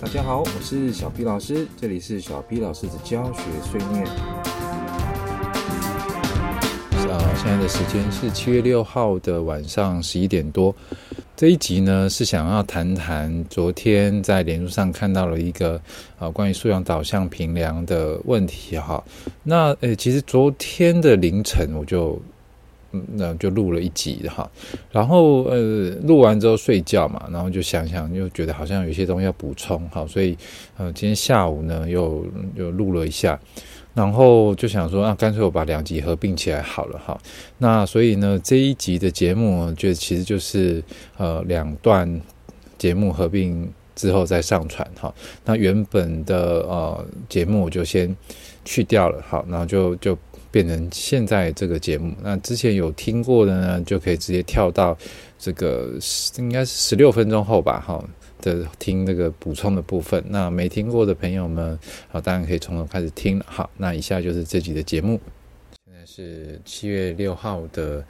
大家好，我是小 P 老師，這裡是小 P 老師的教學碎念。好，現在的時間是七月六號的晚上十一點多。這一集呢，是想要談談昨天在聯絡上看到了一個啊關於素養導向評量的問題哈、啊。那誒、欸，其實昨天的凌晨我就。那就錄了一集哈，然後呃錄完之後睡覺嘛，然後就想想又覺得好像有些東西要補充哈，所以呃今天下午呢又又錄了一下，然後就想說啊乾脆我把兩集合併起來好了哈，那所以呢這一集的節目，就其實就是呃兩段節目合併之後再上傳哈，那原本的呃節目我就先去掉了好，然後就就。變成現在這個節目，那之前有聽過的呢，就可以直接跳到這個應該是十六分鐘後吧，哈的聽那個補充的部分。那沒聽過的朋友們，好，當然可以從頭開始聽了。好，那以下就是這集的節目。現在是七月六號的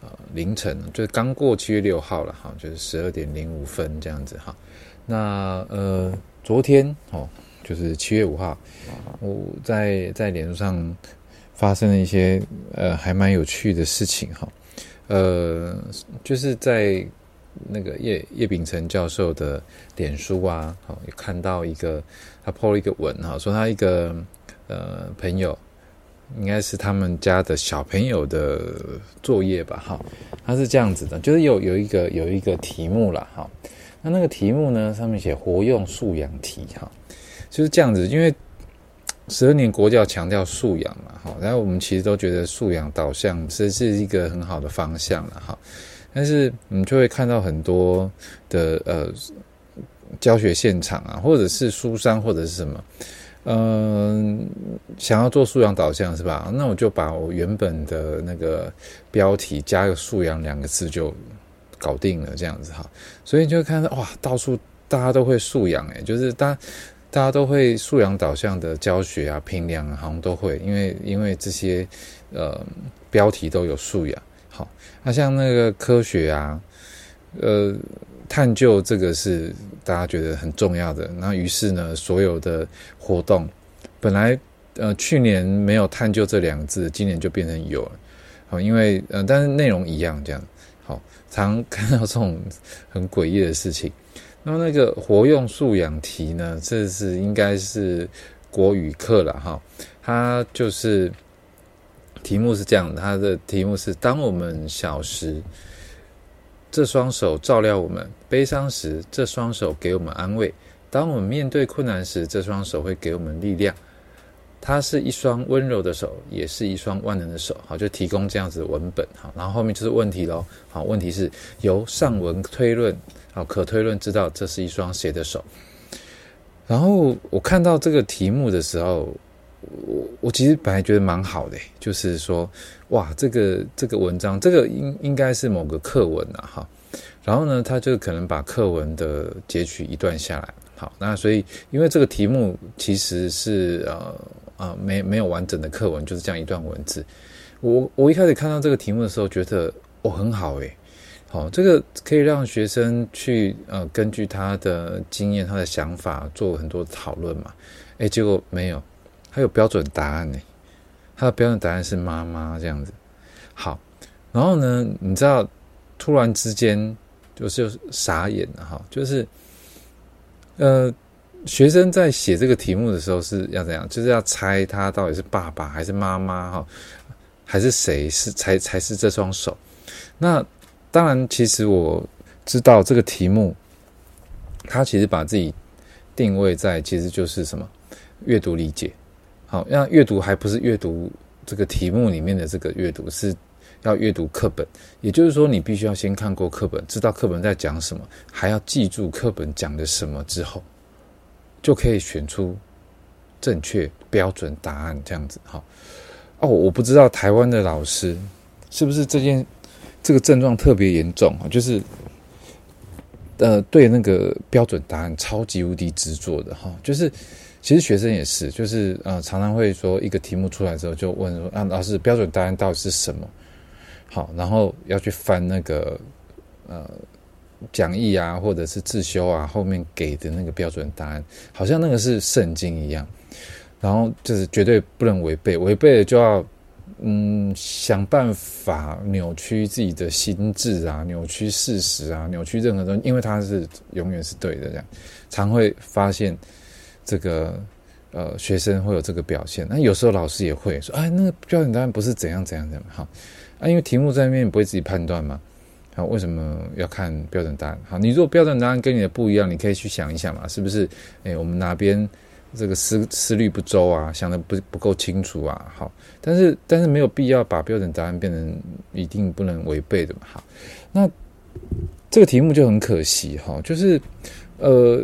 呃凌晨，就是剛過七月六號了，哈，就是十二點零五分這樣子，哈。那呃，昨天哦，就是七月五號，我在在臉書上。發生了一些呃，還蠻有趣的事情哈、哦，呃，就是在那個葉葉丙成教授的臉書啊，哦、有看到一個他 po 了一個文哈、哦，說他一個呃朋友，應該是他們家的小朋友的作業吧哈，他、哦、是這樣子的，就是有有一個有一個題目了哈，那、哦、那個題目呢，上面寫活用素養題哈、哦，就是這樣子，因為。十二年國教強調素養嘛，哈，然後我們其實都覺得素養導向是是一個很好的方向了，哈。但是你就會看到很多的呃教學現場啊，或者是書商或者是什麼，嗯、呃，想要做素養導向是吧？那我就把我原本的那個標題加個素養兩個字就搞定了，這樣子哈。所以你就會看到哇，到處大家都會素養、欸、就是大家。大家都會素養導向的教學啊，評量啊，好像都會，因為因為這些呃標題都有素養。好，那，啊，像那個科學啊，呃，探究這個是大家覺得很重要的。那於是呢，所有的活動本來呃去年沒有“探究”這兩個字，今年就變成有了。好，因為呃，但是內容一樣這樣。好，常看到這種很詭異的事情。那麼那個活用素養題呢，這是應該是國語課了哈。它就是題目是這樣的，它的題目是：當我們小時，這雙手照料我們；悲傷時，這雙手給我們安慰；當我們面對困難時，這雙手會給我們力量。它是一雙溫柔的手，也是一雙萬能的手，好，就提供這樣子的文本，好，然後後面就是問題咯。好，問題是由上文推論，好，可推論知道這是一雙誰的手，然後我看到這個題目的時候，我我其實本來覺得蠻好的，就是說，哇，這個這個文章，這個應應該是某個課文哈，啊，然後呢，他就可能把課文的截取一段下來，好，那所以因為這個題目其實是呃。啊、呃，沒沒有完整的課文，就是這樣一段文字。我我一開始看到這個題目的時候，覺得哦很好誒。好、哦、這個可以讓學生去呃根據他的經驗、他的想法做很多討論嘛。誒，結果沒有，他有標準答案呢。他的標準答案是媽媽這樣子。好，然後呢，你知道突然之間就是傻眼了哈，就是呃。學生在寫這個題目的時候是要怎樣？就是要猜他到底是爸爸還是媽媽哈，還是誰是才才是這雙手？那當然，其實我知道這個題目，他其實把自己定位在其實就是什麼閱讀理解。好，那閱讀還不是閱讀這個題目裡面的這個閱讀，是要閱讀課本。也就是說，你必須要先看過課本，知道課本在講什麼，還要記住課本講的什麼之後。就可以選出正確標準答案這樣子，哈，哦，我不知道台灣的老師是不是這件這個症狀特別嚴重，就是呃，對那個標準答案超級無敵執着的哈，哦，就是其實學生也是，就是呃，常常會說一個題目出來之後就問說，啊，老師標準答案到底是什麼？好，哦，然後要去翻那個呃。講義啊，或者是自修啊，後面給的那個標準答案，好像那個是聖經一樣，然後就是絕對不能違背，違背了就要嗯想辦法扭曲自己的心智啊，扭曲事實啊，扭曲任何東西，因為它是永遠是對的，這樣常會發現這個呃學生會有這個表現，那有時候老師也會說，哎，那個標準答案不是怎樣怎樣怎樣，好啊，因為題目在那邊，你不會自己判斷嘛。那為什麼要看標準答案？好，你如果標準答案跟你的不一樣，你可以去想一想嘛，是不是？哎，我們哪邊這個思思慮不周啊，想的不不夠清楚啊？好，但是但是沒有必要把標準答案變成一定不能違背的嘛。好，那這個題目就很可惜哈，哦，就是呃，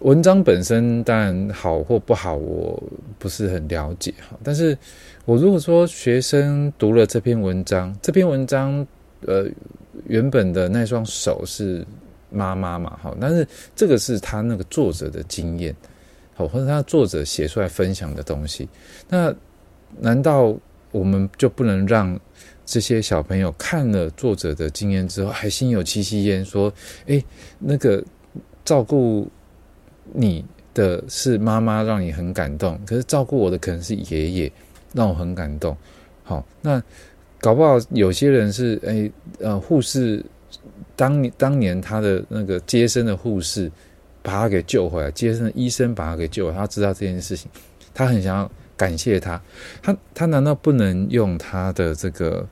文章本身當然好或不好，我不是很了解哈。但是我如果說學生讀了這篇文章，這篇文章呃。原本的那雙手是媽媽嘛，但是這個是他那個作者的經驗，好，或者他作者寫出來分享的東西，那難道我們就不能讓這些小朋友看了作者的經驗之後，還心有戚戚焉，說，誒，那個照顧你的是媽媽，讓你很感動，可是照顧我的可能是爺爺，讓我很感動，好，哦，那。搞不好有些人是哎、呃護士當當年他的那個接生的護士把他給救回來，接生的醫生把他給救回來。他知道這件事情，他很想要感謝他，他他難道不能用他的這個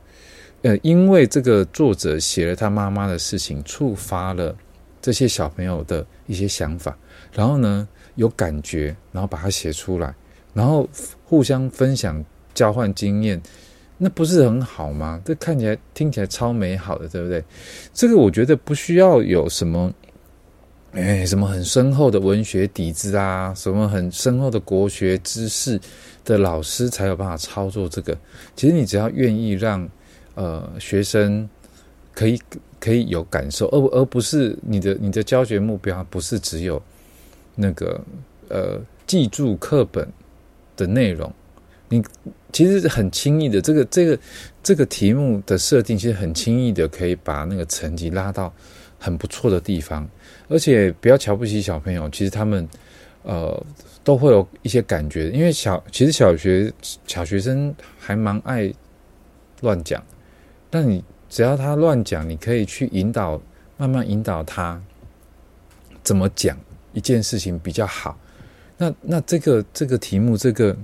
呃，因為這個作者寫了他媽媽的事情，觸發了這些小朋友的一些想法，然後呢有感覺，然後把它寫出來，然後互相分享、交換經驗。那不是很好嗎？這看起來、聽起來超美好的，對不對？這個我覺得不需要有什麼，哎，什麼很深厚的文學底子啊，什麼很深厚的國學知識的老師才有辦法操作這個。其實你只要願意讓呃學生可以可以有感受，而而不是你的你的教學目標不是只有那個呃記住課本的內容。你其實很輕易的，這個這個這個題目的設定其實很輕易的，可以把那個成績拉到很不錯的地方。而且不要瞧不起小朋友，其實他們呃都會有一些感覺，因為小其實小學小學生還蠻愛亂講，但你只要他亂講，你可以去引導，慢慢引導他怎麼講一件事情比較好。那那這個這個題目這個。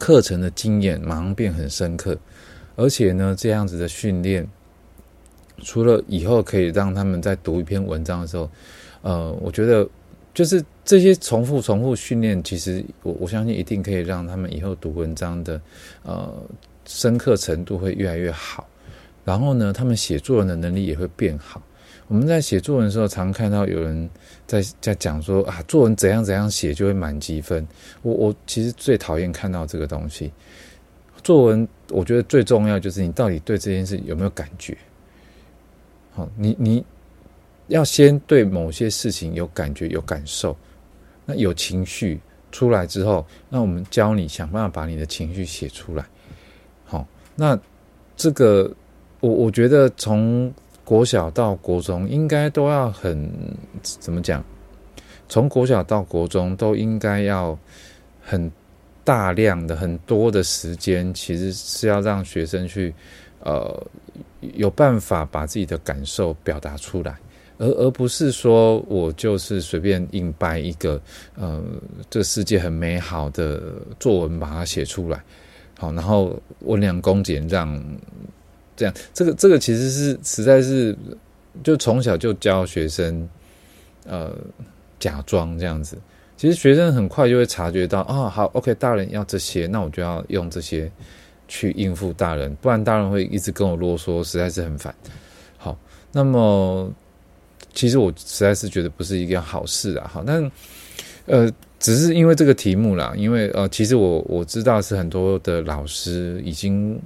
課程的經驗馬上變很深刻，而且呢，這樣子的訓練，除了以後可以讓他們在讀一篇文章的時候，呃，我覺得就是這些重複重複訓練，其實我我相信一定可以讓他們以後讀文章的呃深刻程度會越來越好，然後呢，他們寫作的能力也會變好。我們在寫作文的時候，常常看到有人在在講說啊，作文怎樣怎樣寫就會滿級分。我我其實最討厭看到這個東西。作文，我覺得最重要就是你到底對這件事有沒有感覺。好、哦，你你要先對某些事情有感覺、有感受，那有情緒出來之後，那我們教你想辦法把你的情緒寫出來。好、哦，那這個我我覺得從。國小到國中應該都要很，怎麼講？從國小到國中都應該要很大量的、很多的時間，其實是要讓學生去呃有辦法把自己的感受表達出來，而而不是說我就是隨便硬掰一個呃這世界很美好的作文把它寫出來。好，然後溫良恭儉讓。這樣，這個這個其實是實在是，就從小就教學生，呃，假裝這樣子。其實學生很快就會察覺到啊，哦，好，OK，大人要這些，那我就要用這些去應付大人，不然大人會一直跟我囉嗦，實在是很煩。好，那麼其實我實在是覺得不是一件好事啊。好，那呃，只是因為這個題目啦，因為呃，其實我我知道是很多的老師已經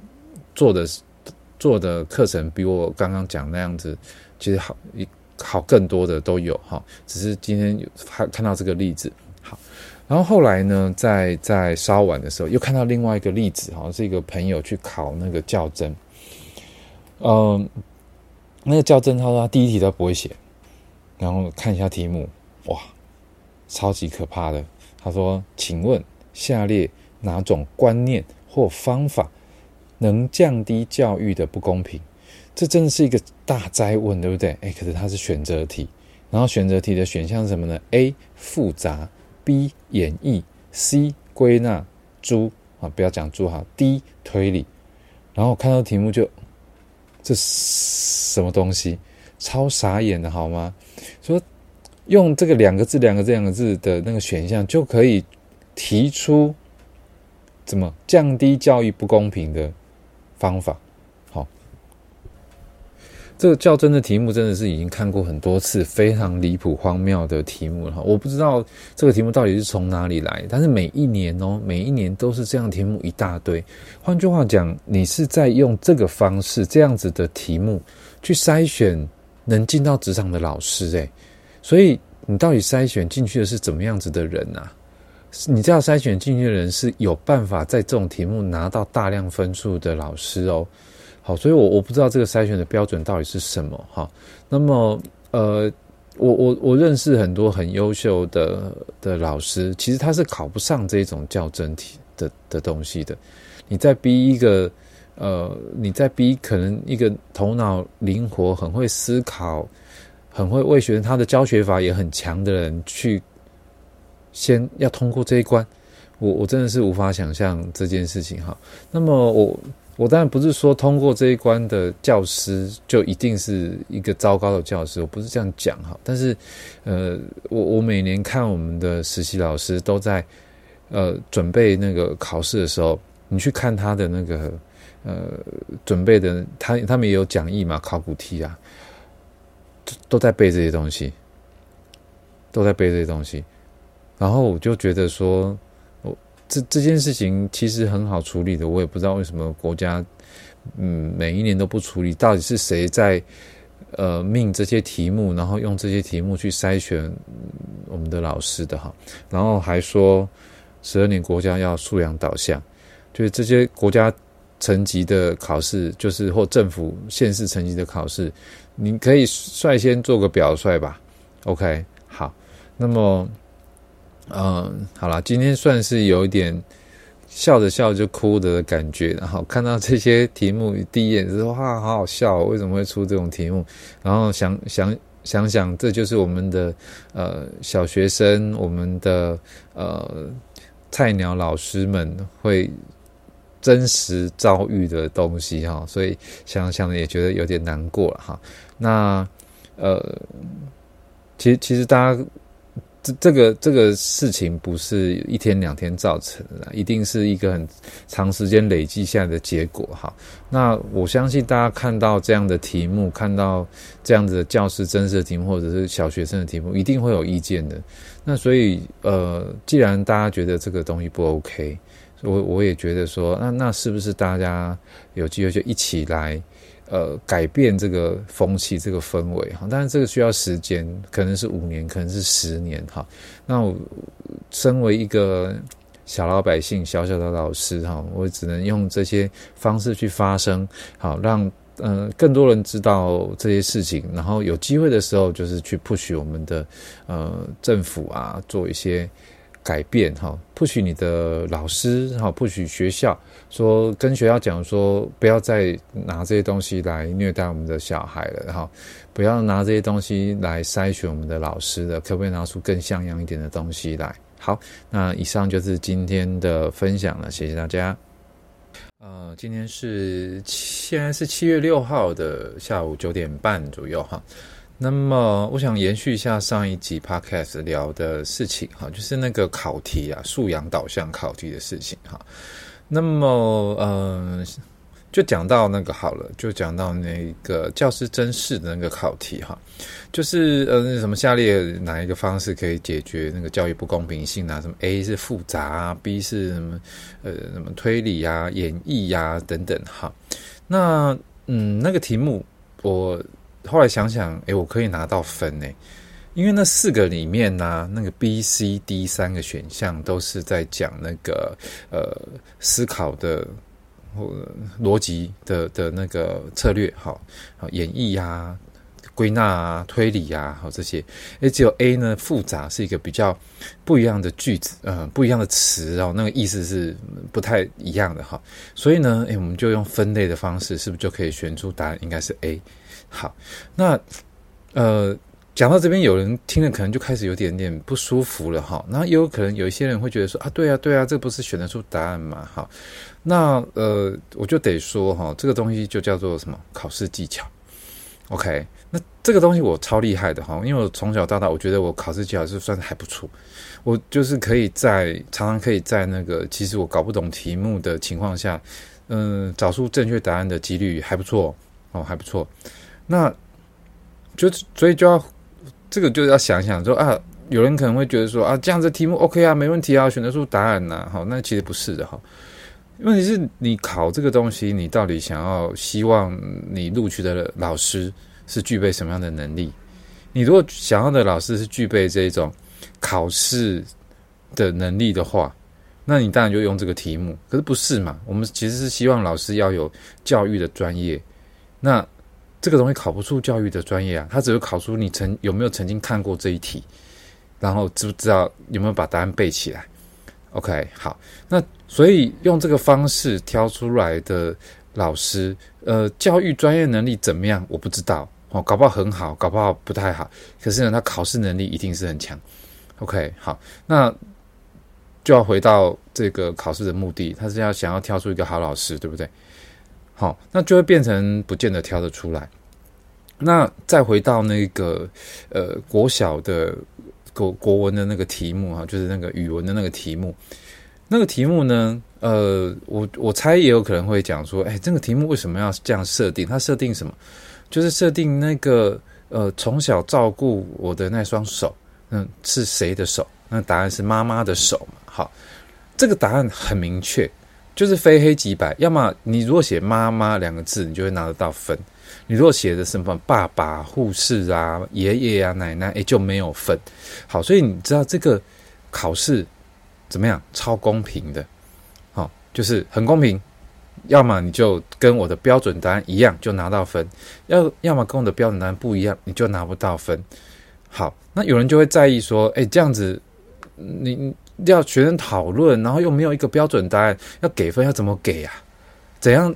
做的做的課程比我剛剛講那樣子，其實好一好更多的都有哈，只是今天有看看到這個例子好，然後後來呢，在在稍晚的時候又看到另外一個例子哈，是一個朋友去考那個教甄、呃，那個教甄他說他第一題都不會寫，然後看一下題目，哇，超級可怕的。他說，請問下列哪種觀念或方法？能降低教育的不公平，這真的是一個大哉問，對不對？哎，可是它是選擇題，然後選擇題的選項是什麼呢？A 複雜，B 演繹，C 歸納豬，豬啊，不要講豬哈，D 推理。然後看到題目就這什麼東西，超傻眼的好嗎？說用這個兩個字、兩個字、兩個字、兩個字的那個選項就可以提出怎麼降低教育不公平的方法。好，這個教甄的題目真的是已經看過很多次，非常離譜荒謬的題目了。我不知道這個題目到底是從哪裡來，但是每一年哦，每一年都是這樣題目一大堆。換句話講，你是在用這個方式，這樣子的題目去篩選能進到職場的老師誒，所以你到底篩選進去的是怎麼樣子的人啊？你這樣篩選進去的人，是有辦法在這種題目拿到大量分數的老師哦。好，所以，我我不知道這個篩選的標準到底是什麼哈。那麼，呃，我我我認識很多很優秀的的老師，其實他是考不上這種教甄題的的東西的。你再逼一個，呃，你再逼可能一個頭腦靈活、很會思考、很會為學生他的教學法也很強的人去。先要通過這一關我，我我真的是無法想象這件事情哈。那麼我我當然不是說通過這一關的教師就一定是一個糟糕的教師，我不是這樣講哈。但是呃，我我每年看我們的實習老師都在呃準備那個考試的時候，你去看他的那個呃準備的，他他們也有講義嘛，考古題啊，都都在背這些東西，都在背這些東西。然後我就覺得說，我這這件事情其實很好處理的。我也不知道為什麼國家，嗯，每一年都不處理。到底是誰在，呃，命這些題目，然後用這些題目去篩選、嗯、我們的老師的哈？然後還說十二年國家要素養導向，就是這些國家層級的考試，就是或政府縣市層級的考試，你可以率先做個表率吧。OK，好，那麼。嗯，好啦，今天算是有一點笑着笑着就哭的感覺。然後看到這些題目，第一眼就說哇，好好笑哦，為什麼會出這種題目？然後想想想想，這就是我們的呃小學生，我們的呃菜鳥老師們會真實遭遇的東西哈、哦。所以想想也覺得有點難過了哈、哦。那呃，其實其實大家。這這個這個事情不是一天兩天造成的，一定是一個很長時間累積下來的結果哈。那我相信大家看到這樣的題目，看到這樣子的教師真實的題目或者是小學生的題目，一定會有意見的。那所以呃，既然大家覺得這個東西不 OK，我我也覺得說，那那是不是大家有機會就一起來？呃，改變這個風氣，這個氛圍，但是這個需要時間，可能是五年，可能是十年哈。那我身為一個小老百姓，小小的老師哈，我只能用這些方式去發聲，好讓、呃、更多人知道這些事情，然後有機會的時候，就是去 push 我們的、呃、政府啊，做一些。改變哈，不許你的老師哈，不許學校，說跟學校講說不要再拿這些東西來虐待我們的小孩了哈，不要拿這些東西來篩選我們的老師了，可不可以拿出更像樣一點的東西來？好，那以上就是今天的分享了，謝謝大家。呃，今天是，現在是七月六號的下午九點半左右哈。那麼，我想延續一下上一集 podcast 聊的事情哈，就是那個考題啊，素養導向考題的事情哈。那麼，嗯、呃，就講到那個好了，就講到那個教師甄試的那個考題哈,就是呃，什麼下列哪一個方式可以解決那個教育不公平性啊？什麼 A 是複雜啊，B 是什麼呃，什麼推理啊、演繹啊等等哈。那嗯，那個題目我。後來想想，誒、欸，我可以拿到分誒，因為那四個裡面呢、啊，那個 B、C、D 三個選項都是在講那個呃思考的邏輯的的那個策略，好，好演繹呀、啊、歸納啊、推理啊，好這些。誒、欸，只有 A 呢複雜是一個比較不一樣的句子，嗯、呃，不一樣的詞哦，那個意思是不太一樣的哈。所以呢，誒、欸，我們就用分類的方式，是不是就可以選出答案？應該是 A。好，那呃，講到這邊，有人聽了可能就開始有點點不舒服了哈。那也有可能有一些人會覺得說啊，對啊，對啊，這不是選得出答案嘛？哈，那呃，我就得說哈，這個東西就叫做什麼考試技巧。OK，那這個東西我超厲害的哈，因為我從小到大，我覺得我考試技巧是算還不錯。我就是可以在常常可以在那個其實我搞不懂題目的情況下，嗯、呃，找出正確答案的幾率還不錯哦，還不錯。那，就所以就要這個就要想想說啊，有人可能會覺得說啊，這樣子題目 OK 啊，沒問題啊，選擇出答案吶，啊，好，那其實不是的哈。問題是，你考這個東西，你到底想要希望你錄取的老師是具備什麼樣的能力？你如果想要的老師是具備這種考試的能力的話，那你當然就用這個題目。可是不是嘛？我們其實是希望老師要有教育的專業，那。這個東西考不出教育的專業啊，他只會考出你曾有沒有曾經看過這一題，然後知不知道有沒有把答案背起來？OK，好，那所以用這個方式挑出來的老師，呃，教育專業能力怎麼樣？我不知道哦，搞不好很好，搞不好不太好。可是呢，他考試能力一定是很強。OK，好，那就要回到這個考試的目的，他是要想要挑出一個好老師，對不對？好，那就會變成不見得挑得出來。那再回到那個呃國小的國國文的那個題目哈、啊，就是那個語文的那個題目。那個題目呢，呃，我我猜也有可能會講說，哎、欸，這個題目為什麼要這樣設定？它設定什麼？就是設定那個呃，從小照顧我的那雙手，嗯，是誰的手？那答案是媽媽的手。好，這個答案很明確。就是非黑即白，要麼你如果寫媽媽兩個字，你就會拿得到分；你如果寫的什麼爸爸、護士啊、爺爺啊、奶奶，哎、欸、就沒有分。好，所以你知道這個考試怎麼樣？超公平的，好、哦，就是很公平。要麼你就跟我的標準答案一樣，就拿到分；要要麼跟我的標準答案不一樣，你就拿不到分。好，那有人就會在意說，誒、欸，這樣子你。要學生討論，然後又沒有一個標準答案，要給分要怎麼給啊？怎樣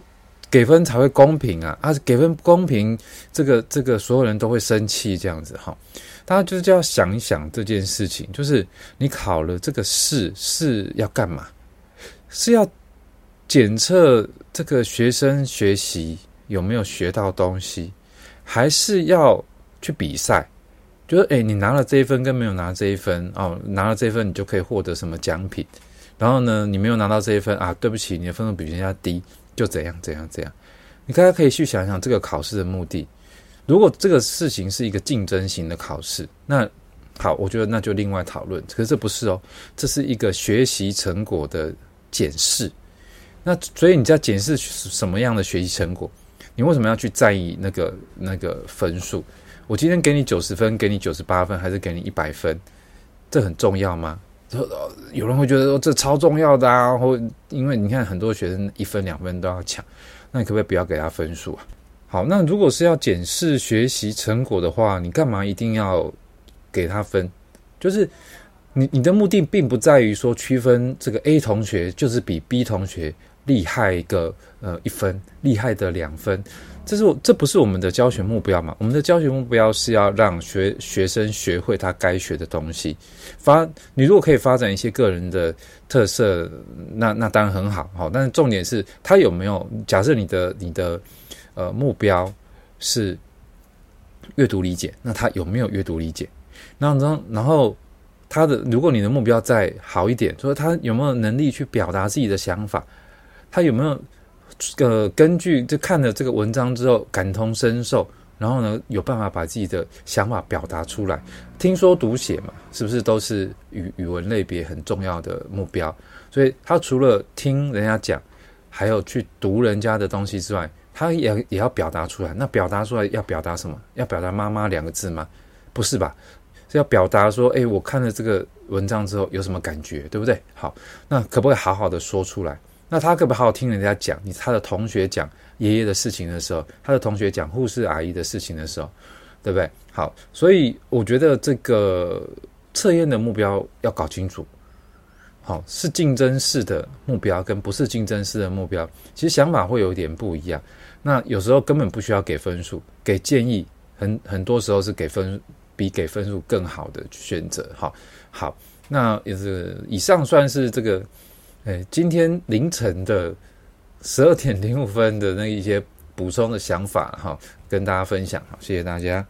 給分才會公平啊？啊，給分不公平，這個這個所有人都會生氣這樣子哈。大家就是就要想一想這件事情，就是你考了這個試是，是要幹嘛？是要檢測這個學生學習有沒有學到東西，還是要去比賽？就是，誒，你拿了這一分跟沒有拿這一分，哦，拿了這一分你就可以獲得什麼獎品，然後呢，你沒有拿到這一分啊，對不起，你的分數比人家低，就怎樣怎樣怎樣。你大家可以去想一想這個考試的目的。如果這個事情是一個競爭型的考試，那好，我覺得那就另外討論。可是這不是哦，這是一個學習成果的檢視。那所以你在檢視什麼樣的學習成果？你為什麼要去在意那個那個分數？我今天給你九十分，給你九十八分，還是給你一百分？這很重要嗎？有人會覺得說，哦，這超重要的啊！或因為你看很多學生一分兩分都要搶，那你可不可以不要給他分數啊？好，那如果是要檢視學習成果的話，你幹嘛一定要給他分？就是你你的目的並不在於說區分這個 A 同學就是比 B 同學。厲害一個呃一分，厲害的兩分，這是我這不是我們的教學目標嘛？我們的教學目標是要讓學學生學會他該學的東西。發你如果可以發展一些個人的特色，那那當然很好，好，哦。但是重點是他有沒有？假設你的你的呃目標是閱讀理解，那他有沒有閱讀理解？然後然後然後他的，如果你的目標再好一點，說他有沒有能力去表達自己的想法？他有沒有，呃，根據，就看了這個文章之後感同身受，然後呢，有辦法把自己的想法表達出來。聽說讀寫嘛，是不是都是語語文類別很重要的目標？所以他除了聽人家講，還有去讀人家的東西之外，他也也要表達出來。那表達出來要表達什麼？要表達“媽媽”兩個字嗎？不是吧？是要表達說，哎、欸，我看了這個文章之後有什麼感覺，對不對？好，那可不可以好好的說出來？那他可不可以好好聽人家講？你他的同學講爺爺的事情的時候，他的同學講護士阿姨的事情的時候，對不對？好，所以我覺得這個測驗的目標要搞清楚。好，是競爭式的目標跟不是競爭式的目標，其實想法會有點不一樣。那有時候根本不需要給分數，給建議，很，很多時候是給分，比給分數更好的選擇。好，好，那也是、呃、以上算是這個。哎，今天凌晨的十二點零五分的那一些補充的想法哈，哦，跟大家分享，哦，謝謝大家。